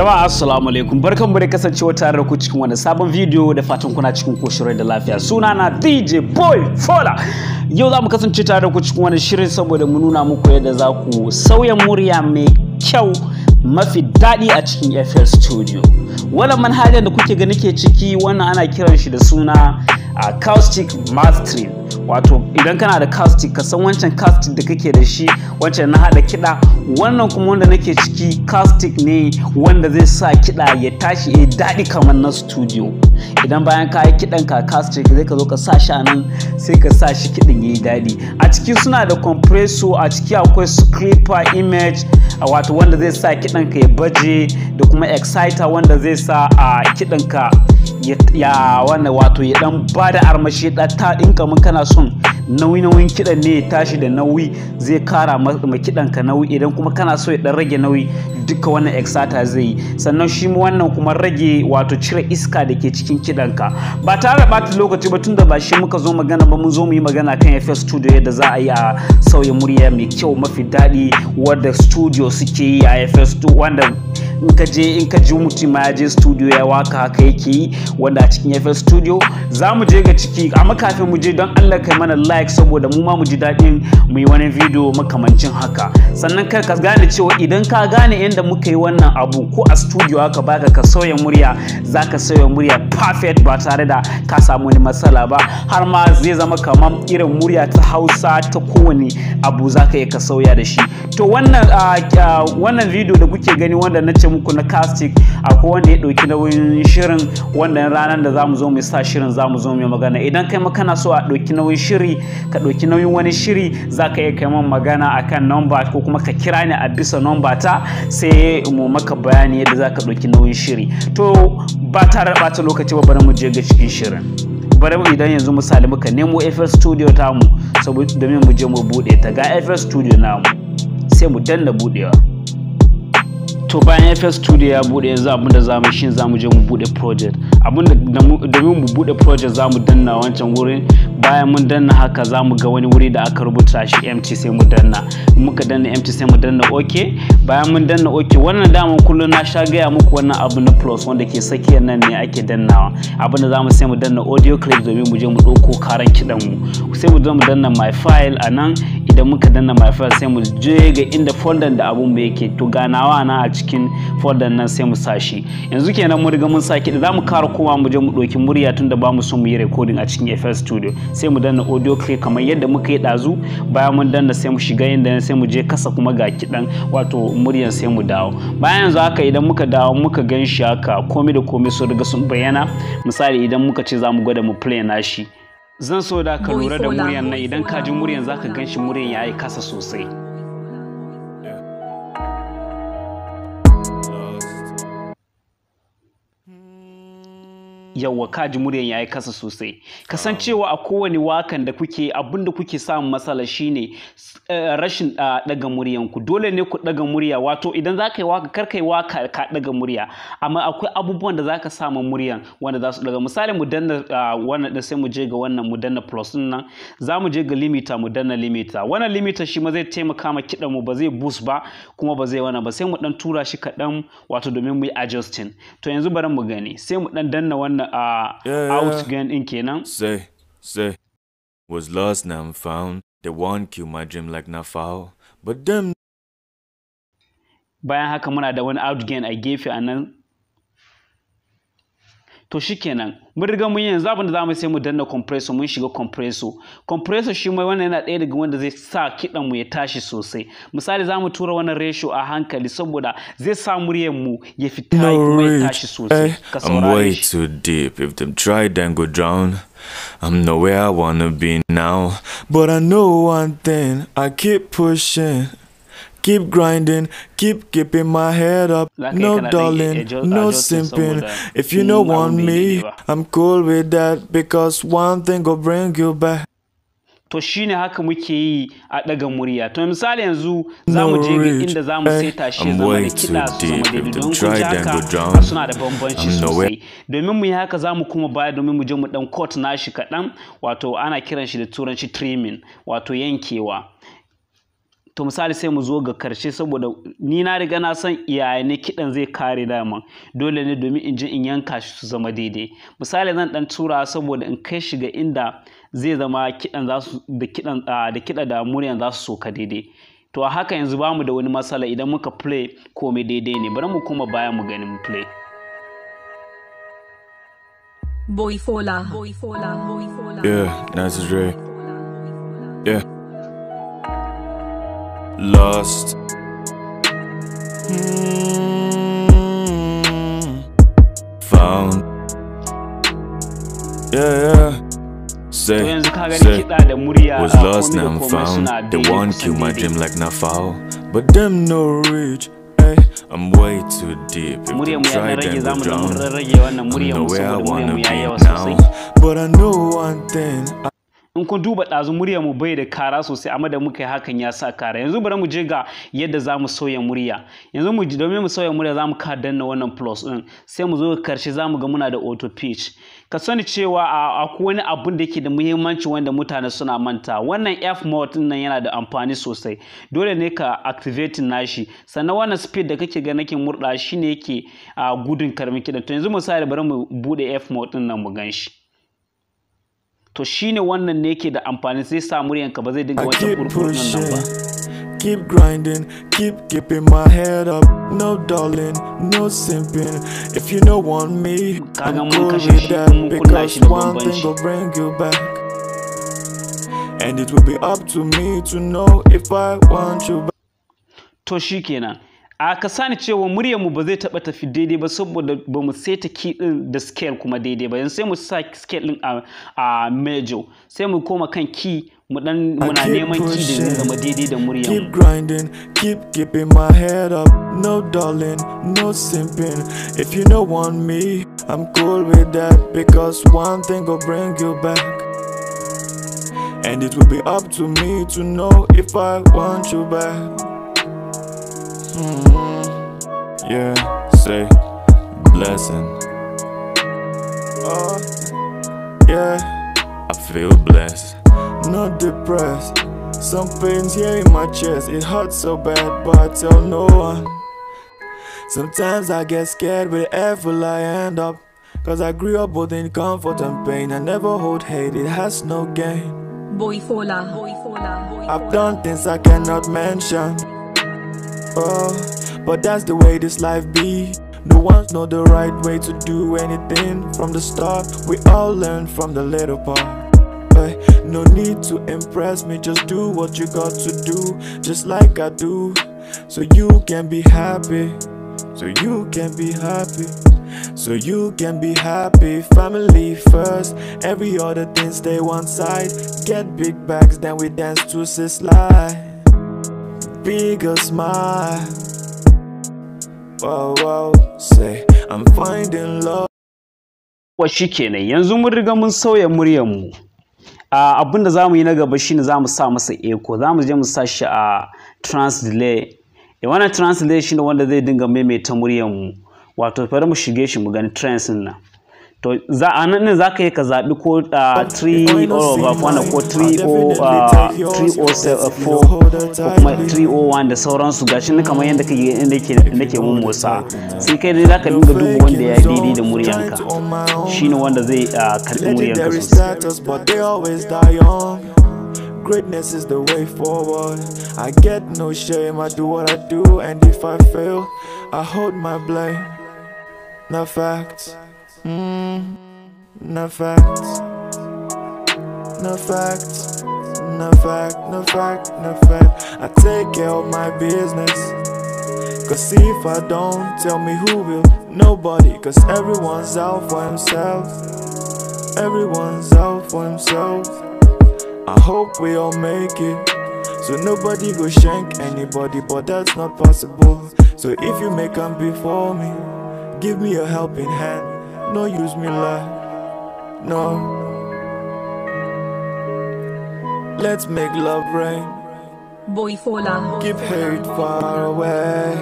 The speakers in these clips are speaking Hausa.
Jama'a assalamu alaikum barkanmu da kasancewa tare da ku cikin wani sabon bidiyo da fatan kuna cikin koshirai da lafiya sunana DJ Boy Fola yau za mu kasance tare da ku cikin wani shirin saboda mu nuna muku yadda za ku sauya murya mai kyau mafi daɗi a cikin FL Studio wannan manhajar da kuke gani ke ciki wannan ana kiran shi da suna a caustic mastering wato idan kana da caustic ka san wancan caustic da kake da shi wancan na hada kiɗa wannan kuma wanda nake ciki caustic ne wanda zai sa kiɗa ya tashi ya daɗi kamar na studio idan bayan ka yi kiɗan ka caustic zai ka zo ka sa shi a nan sai ka sa shi kiɗin ya yi daɗi a ciki suna da compressor a ciki akwai scraper image wato wanda zai sa kiɗan ka ya baje da kuma exciter wanda zai sa a kiɗan ka ya wannan wato ya dan ba da armashi ta in kamar kana son nauyi-nauyin kiɗan ne ya tashi da nauyi zai kara ma kiɗanka nauyi idan kuma kana so ya dan rage nauyi duka wannan exata zai yi sannan shi wannan kuma rage wato cire iska da ke cikin kiɗanka ba tare da lokaci ba tunda ba shi muka zo magana ba mun zo mu yi magana kan FS Studio yadda za a yi a sauya murya mai kyau mafi daɗi wadda studio suke yi a FS wanda in ka je in ka ji mutum ya je studio ya waka haka yake yi wanda a cikin FL studio za mu je ga ciki amma kafin mu je don Allah kai mana like saboda mu ma mu ji daɗin mu yi wani video makamancin haka sannan kai ka gane cewa idan ka gane yadda muka yi wannan abu ko a studio haka baka ka sauya murya za ka sauya murya perfect ba tare da ka samu wani matsala ba har ma zai zama kamar irin murya ta hausa ta kowane abu za ka yi ka sauya da shi to wannan ah, ah, wannan video da kuke gani wanda na ce muku na casting akwai wanda ya ɗauki nauyin shirin wannan ranar da zamu zo mu sa shirin zamu zo mu magana idan kai ma kana so a ɗauki nauyin shiri ka ɗauki nauyin wani shiri za ka iya kai ma magana akan namba ko kuma ka kira ni a bisa namba ta sai mu maka bayani yadda za ka ɗauki nauyin shiri to ba tare ɓata lokaci ba bari mu je ga cikin shirin bari mu idan yanzu misali muka nemo FL Studio tamu saboda domin mu je mu buɗe ta ga FL Studio namu sai mu danna budewa. to bayan FS Studio ya bude yanzu abin da zamu shi zamu je mu bude project abin da domin mu bude project zamu danna wancan wurin bayan mun danna haka zamu ga wani wuri da aka rubuta shi MT sai mu danna muka danna MT sai mu danna OK bayan mun danna OK wannan dama kullum na sha gaya muku wannan abu na plus wanda ke sakiya nan ne ake dannawa abin da zamu sai mu danna audio clip domin mu je mu dauko karan kidan mu sai mu zo mu danna my file a idan muka danna my sai mu je ga inda folder da abun ba yake to ganawa na a cikin folder nan sai mu shi yanzu kenan mun riga mun saki da zamu kara kowa mu je mu ɗauki murya tunda ba mu son mu yi recording a cikin FL Studio sai mu danna audio clip kamar yadda muka yi ɗazu bayan mun danna sai mu shiga inda sai mu je kasa kuma ga kiɗan wato muryan sai mu dawo bayan yanzu haka idan muka dawo muka gan shi haka komai da komai sun riga sun bayyana misali idan muka ce za mu gwada mu play shi. zan so da ka lura da muryan nan idan ka ji muryan zaka gan shi muryan yi kasa sosai yawwa kaji muryan yayi kasa sosai kasancewa a kowane wakan da kuke abin da kuke samun matsala shine eh, rashin daga ah, muryan dole ne ku daga murya wato idan za ka yi waka kar ka yi waka ka daga murya amma akwai abubuwan da za ka samu muryan wanda za su daga misali mu danna ah, wannan da sai mu je ga wannan mu danna plus nan za mu je ga limiter mu danna limiter wannan limita shi ma zai taimaka ma kidan mu ba zai boost ba kuma ba zai wannan ba sai mu dan tura shi kadan wato domin mu yi adjusting to yanzu bari mu gani sai mu dan danna wannan a out game din kenan say say was lost now found the one kill my dream like na foul but them bayan haka muna da wani out game a gefe anan to shikenan mun riga mun yanzu abin da zamu sai mu danna compressor mun shiga compressor compressor shi mai wannan yana ɗaya daga wanda zai sa kiɗan mu ya tashi sosai misali zamu tura wannan ratio a hankali saboda zai sa muryar mu ya fita kuma ya tashi sosai eh, ka I'm way too deep if them try then go drown I'm nowhere I wanna be now but I know one thing I keep pushing Keep grinding, keep keeping my head up. No darling, no simping. If you don't want me, I'm cool with that because one thing will bring you back. to shine haka muke yi a ɗaga murya to misali yanzu za mu je inda za mu eh, saita shi zama da kiɗa su zama daidai don kun ji haka suna da bambanci sosai domin mu yi haka za mu kuma baya domin mu je mu ɗan kot nashi kaɗan wato ana kiran shi da turanci trimming wato yankewa to misali sai mu zo ga karshe saboda ni na riga na san iyaye ne kiɗan zai kare dama dole ne domin in ji in yanka shi su zama daidai misali zan dan tura saboda in kai shi ga inda zai zama kidan za su da kidan da kiɗa da muryan za su soka daidai to a haka yanzu bamu da wani matsala idan muka play komai daidai ne bari mu kuma baya mu gani mu play Boy Fola, Boy Fola, Boy Fola. Yeah, Yeah. lost. Mm, found. Yeah, yeah. Say, say, was ah, lost now I'm found. They want kill my dream like na foul, but them no rich. Eh? I'm way too deep. If they try, then we'll drown. I'm nowhere I wanna be now, but I know one thing. in kun duba ɗazu murya mu bai da kara sosai amma da muka yi hakan ya sa kara yanzu bari mu je ga yadda za mu sauya murya yanzu mu domin mu sauya murya za mu ka danna wannan plus ɗin sai mu zo ga karshe za mu ga muna da auto pitch ka sani cewa akwai wani abun da yake da muhimmanci wanda mutane suna manta wannan f mode nan yana da amfani sosai dole ne ka activate nashi sannan wannan speed da kake ga nake murɗa shine yake gudun karmin kiɗan to yanzu misali bari mu buɗe f mode ɗin nan mu gan shi to shine wannan ne ke da amfani sai sa ba zai dinga keep grinding, keep keeping my head up. No darling, no simping. If you don't want me, I'm cool with that because one thing will bring you back. And it will be up to me to know if I want you back. To a ka sani cewa muryarmu ba zai taɓa tafi daidai ba saboda ba mu saita ki ɗin da scale kuma daidai ba yanzu sai mu sa scale ɗin a major sai mu koma kan ki mu dan muna neman ki da zai zama daidai da muryar keep grinding keep keeping my head up no darling no simping if you don't want me i'm cool with that because one thing will bring you back and it will be up to me to know if i want you back Mm-hmm. Yeah, say blessing. Uh, yeah, I feel blessed. Not depressed. Some pains here in my chest. It hurts so bad, but I tell no one. Sometimes I get scared with evil I end up. Cause I grew up both in comfort and pain. I never hold hate, it has no gain. Boy, fola, boy, fola, boy, I've done things I cannot mention. Oh, but that's the way this life be. The ones know the right way to do anything from the start. We all learn from the little part. But no need to impress me, just do what you got to do, just like I do. So you can be happy, so you can be happy. So you can be happy, family first Every other thing stay one side Get big bags, then we dance to slide bigger smile. Wow, wow, say, I'm finding love. kenan yanzu mun riga mun sauya muryarmu. Uh, abin da za mu yi na gaba shine za mu sa masa eko zamu je mu sa shi a trans delay e wannan trans wanda zai dinga maimaita muryarmu wato fara mu shige shi mu gani trans nan to za a nan ne za ka yi ka zaɓi ko 3 uh, ko 3 uh, ko 3 kuma 301 da sauransu gashi ne kamar yadda kake inda nake mun wasa sai kai dai ka dinga duba wanda ya daidai da muryanka shi ne wanda zai uh, karɓi muryanka sosai Greatness is the way forward. I get no shame, I do what I do, and if I fail, I hold my blame. Not facts. Mm, no facts. No facts. No fact, no fact, no fact. I take care of my business. Cause if I don't, tell me who will. Nobody, cause everyone's out for himself. Everyone's out for himself. I hope we all make it. So nobody go shank anybody, but that's not possible. So if you make come before me, give me a helping hand. no use me lie, no. Let's make love rain. Boy, Keep hate far away,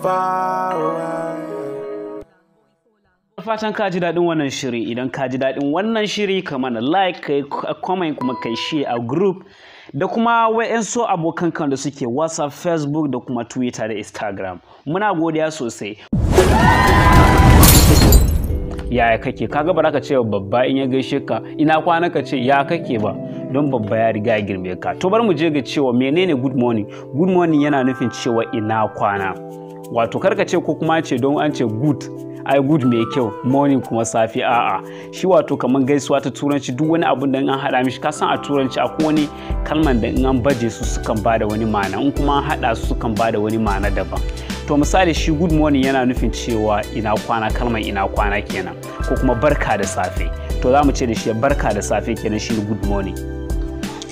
far away. fatan ka ji daɗin wannan shiri idan ka ji daɗin wannan shiri ka mana like kai comment kuma kai share a group da kuma wa'yansu abokan kan da suke whatsapp facebook da kuma twitter da instagram muna godiya sosai yaya kake kaga ba ka ce babba in ya gaishe ka ina kwana ka ce ya kake ba don babba ya riga ya girme ka to bar mu je ga cewa menene good morning good morning yana nufin cewa ina kwana wato karka ce ko kuma ce don an ce good ai good mai kyau morning kuma safi a'a shi wato kamar gaisuwa ta turanci duk wani abun da an hada mishi ka san a turanci a wani kalman da in an baje su sukan bada wani ma'ana in kuma an haɗa su sukan bada wani ma'ana daban to misali shi good morning yana nufin cewa ina kwana kalmar ina kwana kenan ko kuma barka da safe to za mu ce da shi barka da safe kenan shi good morning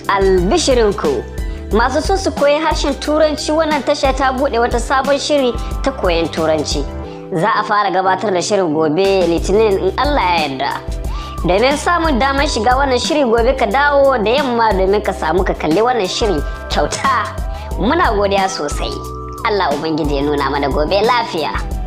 albishirinku masu sun su koyi harshen turanci wannan tasha ta bude wata sabon shiri ta koyon turanci za a fara gabatar da shirin gobe litinin in allah ya yarda domin samun damar shiga wannan shiri gobe ka dawo da yamma domin ka samu ka kalli wannan shiri kyauta muna godiya sosai Allah Ubangiji ya nuna mana gobe lafiya.